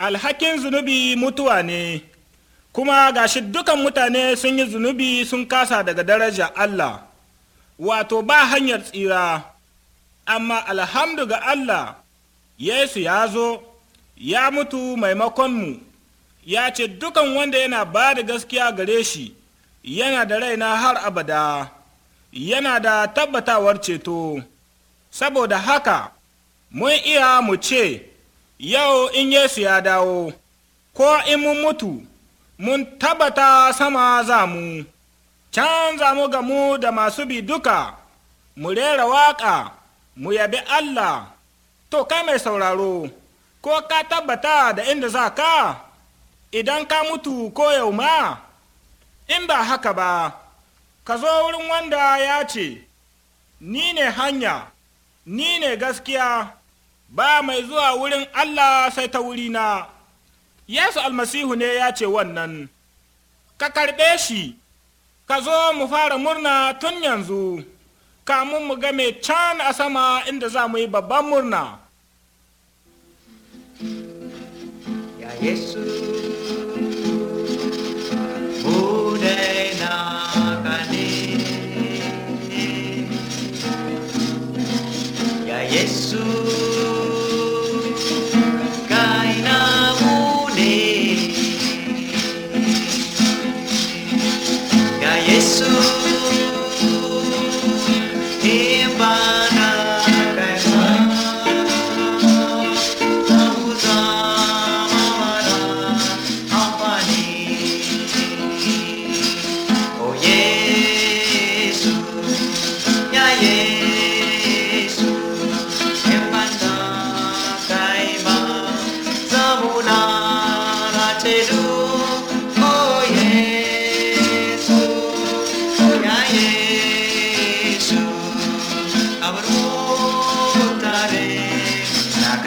alhakin zunubi mutuwa ne kuma gashi dukan mutane sun yi zunubi sun kasa daga daraja Allah wato ba hanyar tsira amma alhamdu ga Allah Yesu ya zo ya mutu maimakonmu ya ce dukan wanda yana ba da gaskiya gare shi yana da raina har abada yana da tabbatawar ceto saboda haka mun iya mu ce yau in Yesu ya dawo, ko in mun mutu, mun tabbata sama za mu, can za mu gamu da masu bi duka, mu rera waƙa, mu yabi Allah, to kai mai sauraro, ko ka tabbata da inda za ka, idan ka mutu ko yau ma, in ba haka ba, ka zo wurin wanda ya ce, Ni ne hanya, ni ne gaskiya. ba mai zuwa wurin Allah sai ta wuri na Yesu almasihu ne ya ce wannan, ka karɓe shi, ka zo mu fara murna tun yanzu, kamun mu game can a sama inda za mu yi babban murna. Ya Yesu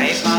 life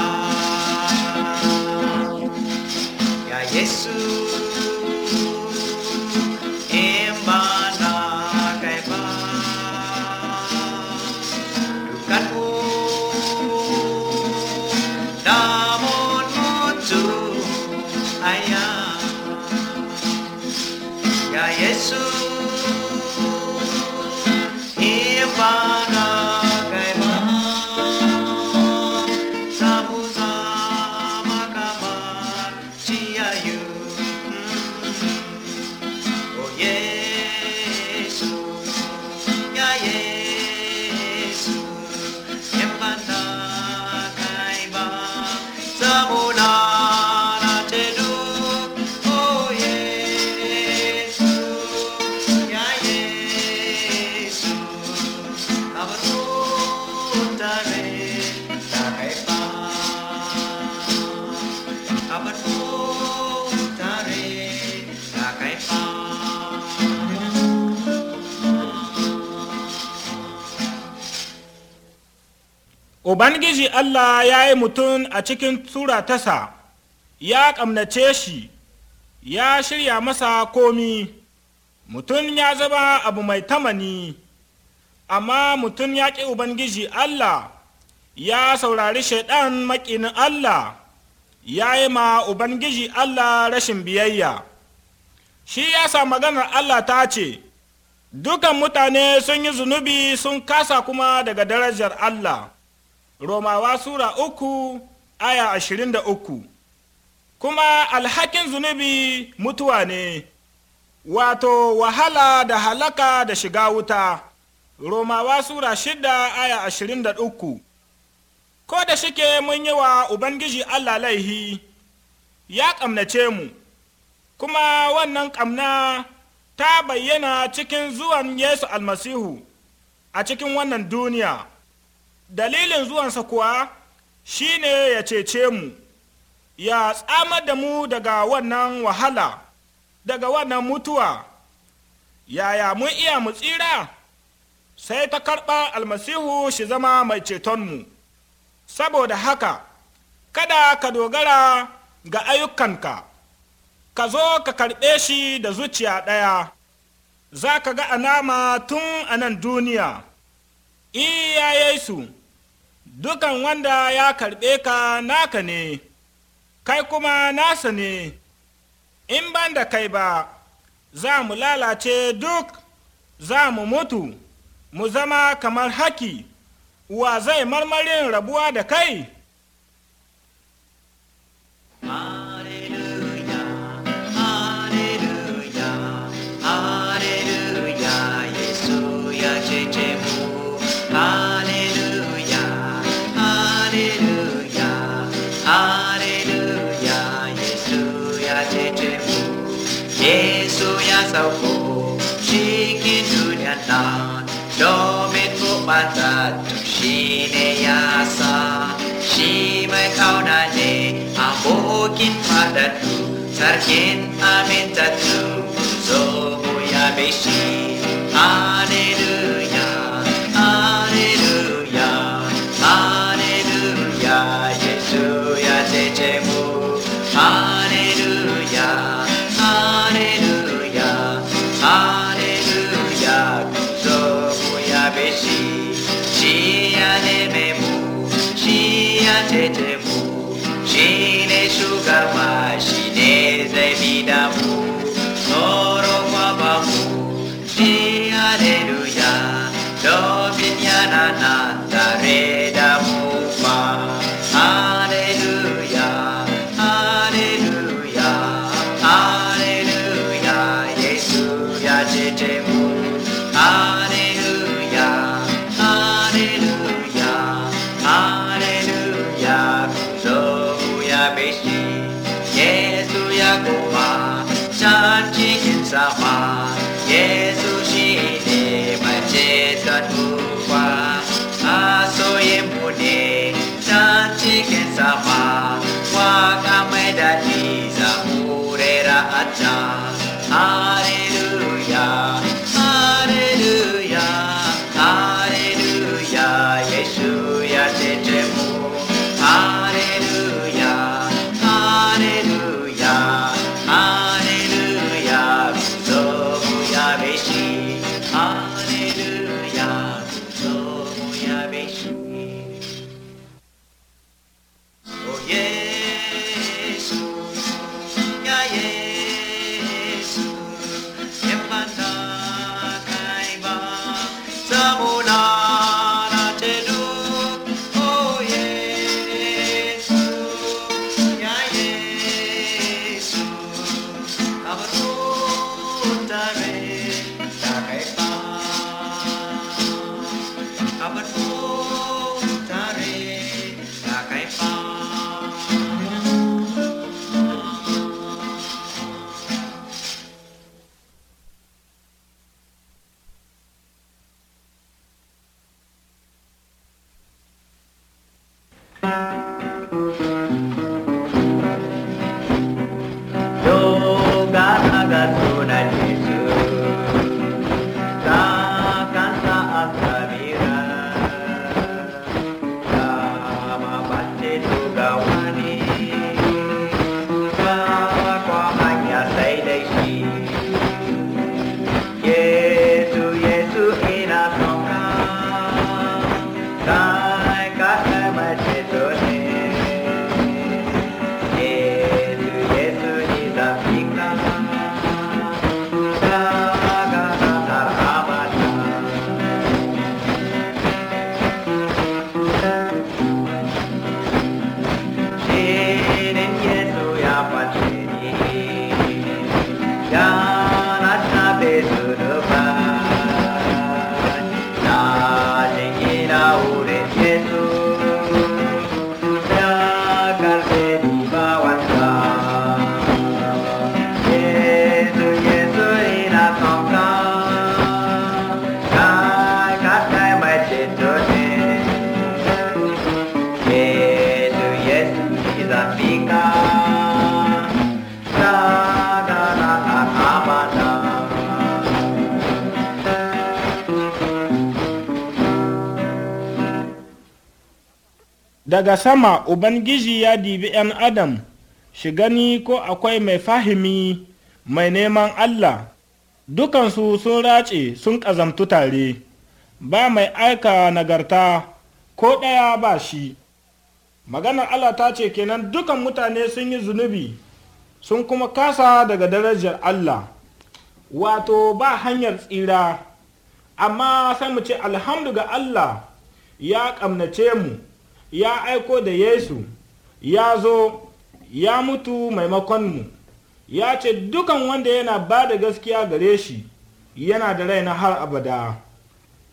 ubangiji allah ya yi mutum a cikin tura tasa ya ƙamnace shi ya shirya masa komi mutum ya zama abu mai tamani amma mutum ya ƙi ubangiji allah ya saurari shaiɗan maƙinin allah ya yi ma ubangiji allah rashin biyayya shi ya sa maganar allah ta ce dukan mutane sun yi zunubi sun kasa kuma daga darajar allah romawa sura uku aya ashirin da uku kuma alhakin zunubi mutuwa ne wato wahala da halaka da shiga wuta romawa sura shida aya ashirin da uku ko da shike mun yi wa ubangiji allah laihi ya ƙamnace mu kuma wannan ƙamna ta bayyana cikin zuwan yesu almasihu a cikin wannan duniya dalilin zuwansa kuwa shine ya cece mu ya tsamar da mu daga wannan wahala daga wannan mutuwa yaya mun iya mu tsira sai ta karɓa almasihu shi zama mai cetonmu saboda haka kada ka dogara ga ayyukanka ka zo ka karɓe shi da zuciya ɗaya za ka ga anama tun anan nan duniya iya dukan wanda ya karɓe ka naka ne, kai kuma nasa ne, in ban da kai ba, za mu lalace duk, za mu mutu, mu zama kamar haki, wa zai marmarin rabuwa da kai?' sauko cikin na domin buɓatattu mata tu shine yasa. shi mai kauna ne kin abokin faɗaɗu sarkin amintattu zo mu yabe shi hallelujah out. daga sama ubangiji ya dibi ‘yan adam shi gani ko akwai mai fahimi mai neman allah dukansu sun race sun ƙazamtu tare ba mai aika nagarta ko ɗaya ba shi maganar allah ta ce kenan dukan mutane sun yi zunubi sun kuma kasa daga darajar allah wato ba hanyar tsira amma sai mu ce alhamdu ga allah ya ƙamnace mu ya aiko da yesu ya zo ya mutu maimakon mu ya ce dukan wanda yana ba da gaskiya gare shi yana da rai na har abada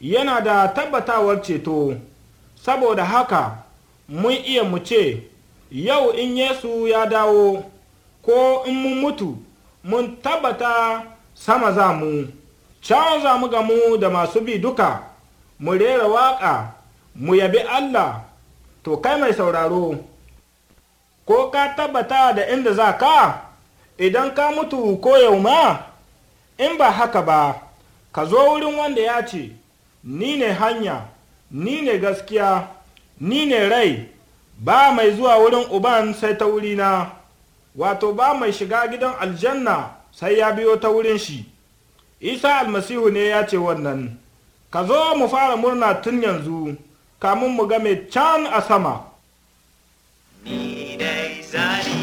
yana da tabbatawar ceto saboda haka mun iya mu ce yau in yesu ya dawo ko in mun mutu mun tabbata sama za mu can za mu gamu da masu bi duka mu rera waƙa mu yabi allah to kai mai sauraro ko ka tabbata da inda za ka idan ka mutu ko yau ma in ba haka ba ka zo wurin wanda ya ce ni ne hanya ni ne gaskiya ni ne rai ba mai zuwa wurin uban sai ta na. wato ba mai shiga gidan aljanna sai ya biyo ta wurin shi isa almasihu ne ya ce wannan ka zo mu fara murna tun yanzu kamun mu game can a sama. Ni dai zani